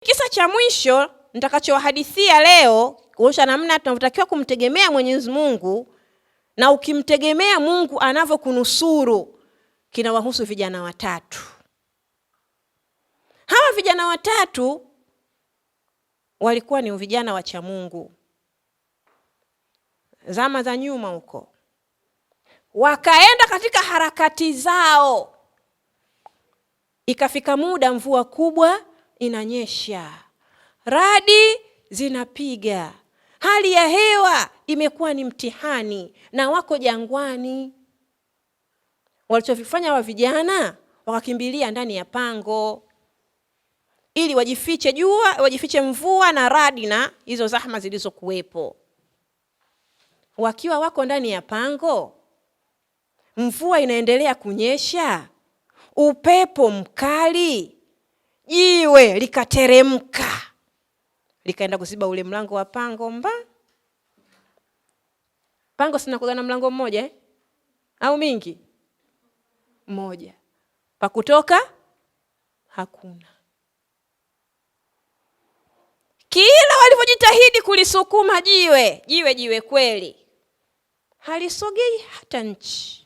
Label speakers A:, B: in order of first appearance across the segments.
A: Kisa cha mwisho nitakachowahadithia leo kuosha namna tunavyotakiwa kumtegemea Mwenyezi Mungu na ukimtegemea Mungu anavyokunusuru kinawahusu vijana watatu. Hawa vijana watatu walikuwa ni vijana wa cha Mungu zama za nyuma huko, wakaenda katika harakati zao, ikafika muda mvua kubwa inanyesha, radi zinapiga, hali ya hewa imekuwa ni mtihani, na wako jangwani. Walichofanya wa vijana wakakimbilia ndani ya pango ili wajifiche jua, wajifiche mvua na radi na hizo zahma zilizokuwepo. Wakiwa wako ndani ya pango, mvua inaendelea kunyesha, upepo mkali jiwe likateremka likaenda kuziba ule mlango wa pango mba pango sinakuga na mlango mmoja eh? au mingi mmoja pakutoka hakuna. Kila walivyojitahidi kulisukuma jiwe jiwe jiwe, kweli halisogei hata nchi.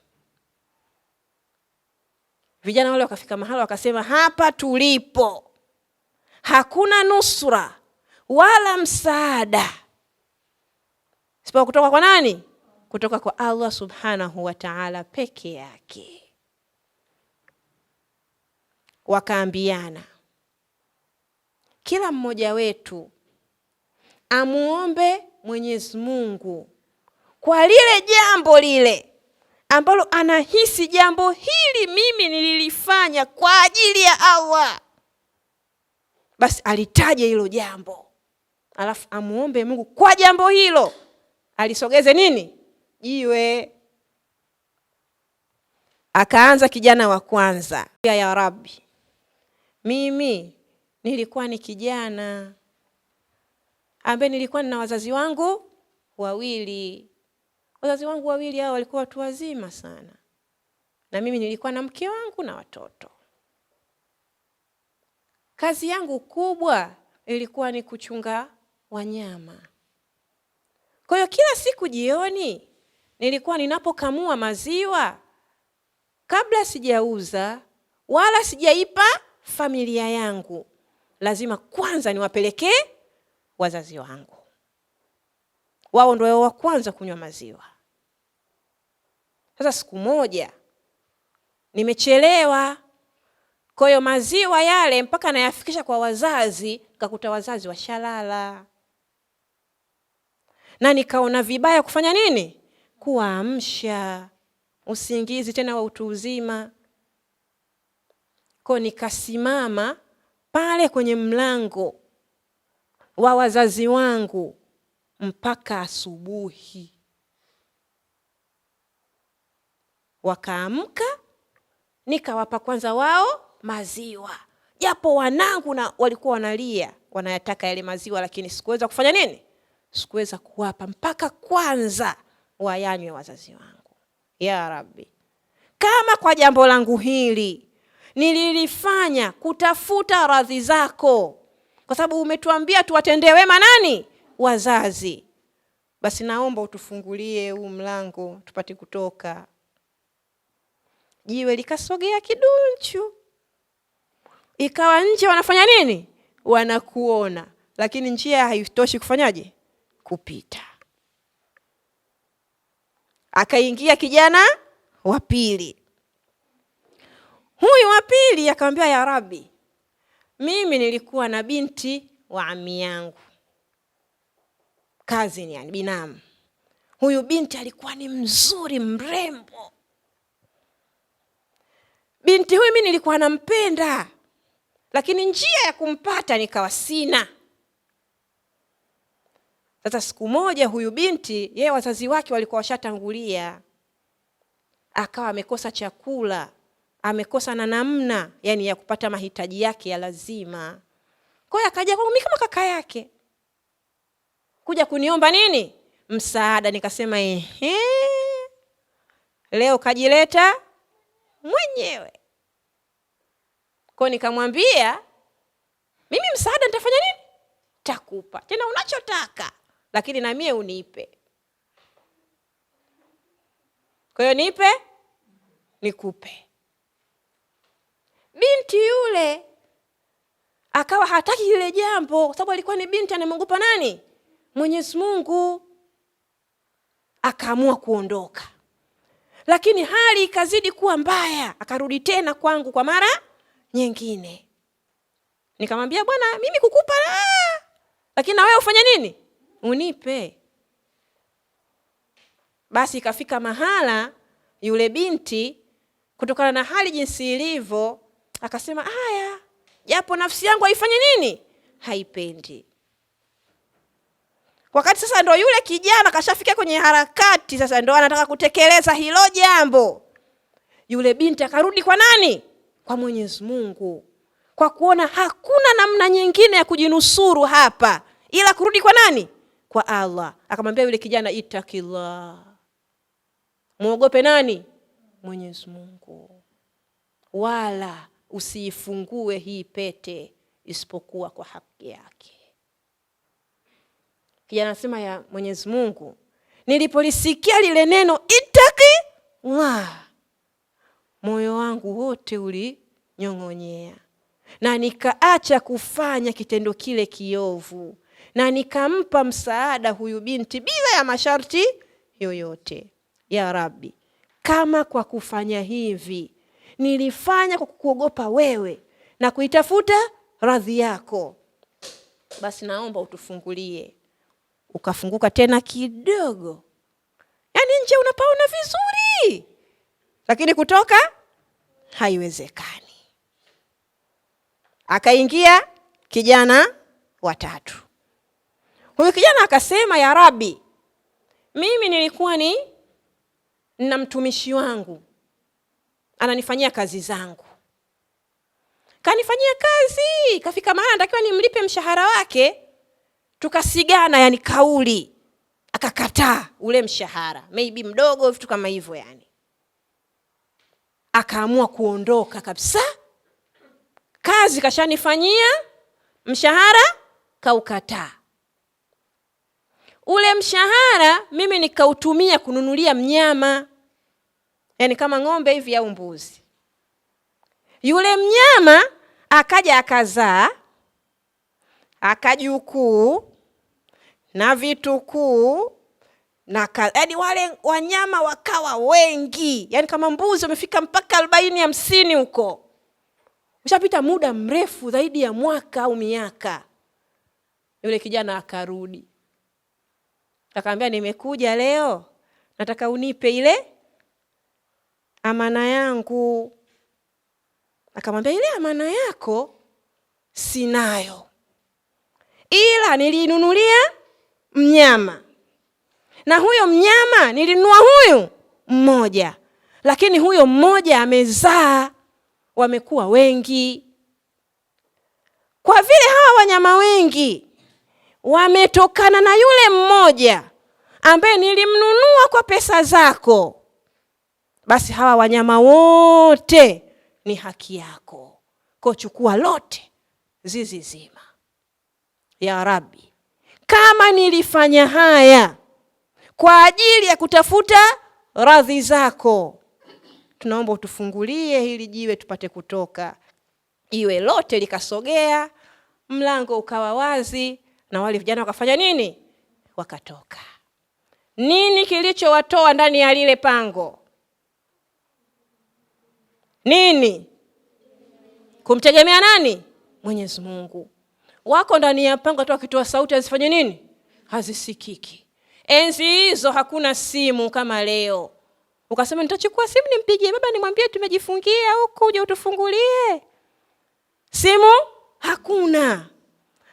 A: Vijana wale wakafika mahala wakasema, hapa tulipo hakuna nusura wala msaada sipo kutoka kwa nani? Kutoka kwa Allah subhanahu wa ta'ala peke yake. Wakaambiana, kila mmoja wetu amuombe Mwenyezi Mungu kwa lile jambo lile ambalo anahisi jambo hili mimi nililifanya kwa ajili ya Allah, basi alitaje hilo jambo, alafu amuombe Mungu kwa jambo hilo alisogeze nini jiwe. Akaanza kijana wa kwanza, ya Rabbi, mimi nilikuwa ni kijana ambaye nilikuwa nina wazazi wangu wawili Wazazi wangu wawili hao walikuwa watu wazima sana, na mimi nilikuwa na mke wangu na watoto. Kazi yangu kubwa ilikuwa ni kuchunga wanyama. Kwa hiyo kila siku jioni nilikuwa ninapokamua maziwa, kabla sijauza wala sijaipa familia yangu, lazima kwanza niwapelekee wazazi wangu, wao ndio wa kwanza kunywa maziwa. Sasa siku moja nimechelewa, kwa hiyo maziwa yale mpaka nayafikisha kwa wazazi, kakuta wazazi washalala, na nikaona vibaya kufanya nini, kuwaamsha usingizi tena wa utu uzima. Kwa nikasimama pale kwenye mlango wa wazazi wangu mpaka asubuhi. Wakaamka, nikawapa kwanza wao maziwa, japo wanangu na walikuwa wanalia wanayataka yale maziwa, lakini sikuweza kufanya nini, sikuweza kuwapa mpaka kwanza wayanywe wazazi wangu. Ya Rabbi, kama kwa jambo langu hili nililifanya kutafuta radhi zako, kwa sababu umetuambia tuwatendee wema nani? Wazazi. Basi naomba utufungulie huu mlango tupate kutoka jiwe likasogea kidunchu, ikawa nje. Wanafanya nini? Wanakuona, lakini njia haitoshi kufanyaje? Kupita. Akaingia kijana wa pili. Huyu wa pili akamwambia, ya Rabbi, mimi nilikuwa na binti wa ami yangu kazi yani binamu. Huyu binti alikuwa ni mzuri mrembo, binti huyu mi nilikuwa nampenda, lakini njia ya kumpata nikawa sina. Sasa siku moja huyu binti yeye, wazazi wake walikuwa washatangulia, akawa amekosa chakula, amekosa na namna yani ya kupata mahitaji yake ya lazima. kwayo akaja kwangu mi kama kaka yake kuja kuniomba nini msaada. Nikasema ehe, leo kajileta mwenyewe. kwao. nikamwambia mimi msaada nitafanya nini? Takupa tena unachotaka, lakini na mie unipe. Kwa hiyo nipe, nikupe. Binti yule akawa hataki lile jambo, kwa sababu alikuwa ni binti anamwogopa nani? Mwenyezi Mungu. Akaamua kuondoka lakini hali ikazidi kuwa mbaya, akarudi tena kwangu kwa mara nyingine. Nikamwambia, bwana, mimi kukupa la, lakini na wewe ufanye nini? Unipe. Basi ikafika mahala yule binti, kutokana na hali jinsi ilivyo, akasema haya, japo nafsi yangu haifanyi nini, haipendi Wakati sasa ndo yule kijana kashafika kwenye harakati, sasa ndo anataka kutekeleza hilo jambo. Yule binti akarudi kwa nani? Kwa Mwenyezi Mungu, kwa kuona hakuna namna nyingine ya kujinusuru hapa ila kurudi kwa nani? Kwa Allah. Akamwambia yule kijana, itakillah, mwogope nani? Mwenyezi Mungu, wala usiifungue hii pete isipokuwa kwa haki yake. Kijana anasema ya Mwenyezi Mungu, nilipolisikia lile neno wa moyo wangu wote ulinyong'onyea, na nikaacha kufanya kitendo kile kiovu, na nikampa msaada huyu binti bila ya masharti yoyote. Ya Rabbi, kama kwa kufanya hivi nilifanya kwa kukuogopa wewe na kuitafuta radhi yako, basi naomba utufungulie ukafunguka tena kidogo, yaani nje unapaona vizuri, lakini kutoka haiwezekani. Akaingia kijana watatu. Huyu kijana akasema, ya Rabi, mimi nilikuwa ni na mtumishi wangu ananifanyia kazi zangu, kanifanyia kazi, kafika mahala natakiwa nimlipe mshahara wake tukasigana, yani kauli, akakataa ule mshahara maybe mdogo, vitu kama hivyo yani, akaamua kuondoka kabisa. Kazi kashanifanyia, mshahara kaukataa. Ule mshahara mimi nikautumia kununulia mnyama, yani kama ng'ombe hivi au mbuzi. Yule mnyama akaja akazaa akajukuu na vitukuu na yani wale wanyama wakawa wengi, yani kama mbuzi wamefika mpaka arobaini hamsini huko, ushapita muda mrefu zaidi ya mwaka au miaka. Yule kijana akarudi akaambia, nimekuja leo, nataka unipe ile amana yangu. Akamwambia, ile amana yako sinayo ila niliinunulia mnyama, na huyo mnyama nilinunua huyu mmoja, lakini huyo mmoja amezaa, wamekuwa wengi. Kwa vile hawa wanyama wengi wametokana na yule mmoja ambaye nilimnunua kwa pesa zako, basi hawa wanyama wote ni haki yako, kochukua chukua lote, zizizima ya Rabbi, kama nilifanya haya kwa ajili ya kutafuta radhi zako, tunaomba utufungulie hili jiwe tupate kutoka. Jiwe lote likasogea, mlango ukawa wazi, na wale vijana wakafanya nini? Wakatoka. Nini kilichowatoa ndani ya lile pango? Nini? Kumtegemea nani? Mwenyezi Mungu wako ndani ya pango, tu akitoa sauti hazifanye nini? Hazisikiki. Enzi hizo hakuna simu kama leo, ukasema nitachukua simu nimpigie baba nimwambie tumejifungia huko, uje utufungulie. Simu hakuna,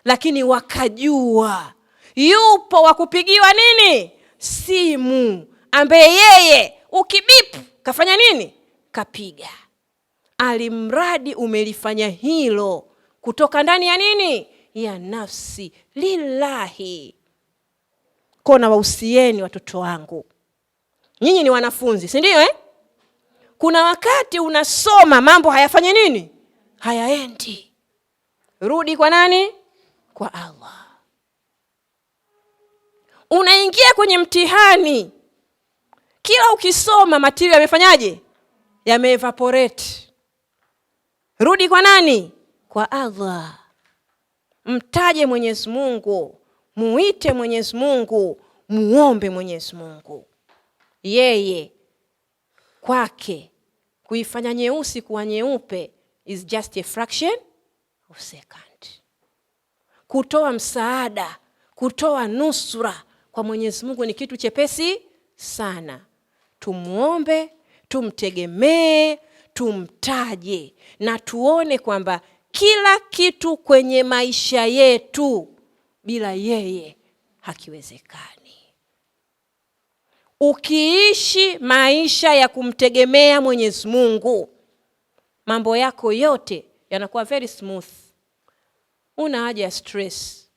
A: lakini wakajua yupo wa kupigiwa nini simu, ambaye yeye ukibipu kafanya nini, kapiga. Alimradi umelifanya hilo kutoka ndani ya nini ya nafsi lillahi. Kwa nawahusieni watoto wangu, nyinyi ni wanafunzi, si ndio eh? Kuna wakati unasoma mambo hayafanye nini, hayaendi. Rudi kwa nani? Kwa Allah. Unaingia kwenye mtihani, kila ukisoma matirio yamefanyaje? Yameevaporate. Rudi kwa nani? Kwa Allah mtaje Mwenyezi Mungu, muite Mwenyezi Mungu, muombe Mwenyezi Mungu. Yeye kwake kuifanya nyeusi kuwa nyeupe is just a fraction of second. Kutoa msaada, kutoa nusura kwa Mwenyezi Mungu ni kitu chepesi sana. Tumuombe, tumtegemee, tumtaje na tuone kwamba kila kitu kwenye maisha yetu. Bila yeye hakiwezekani. Ukiishi maisha ya kumtegemea Mwenyezi Mungu, mambo yako yote yanakuwa very smooth, una haja ya stress.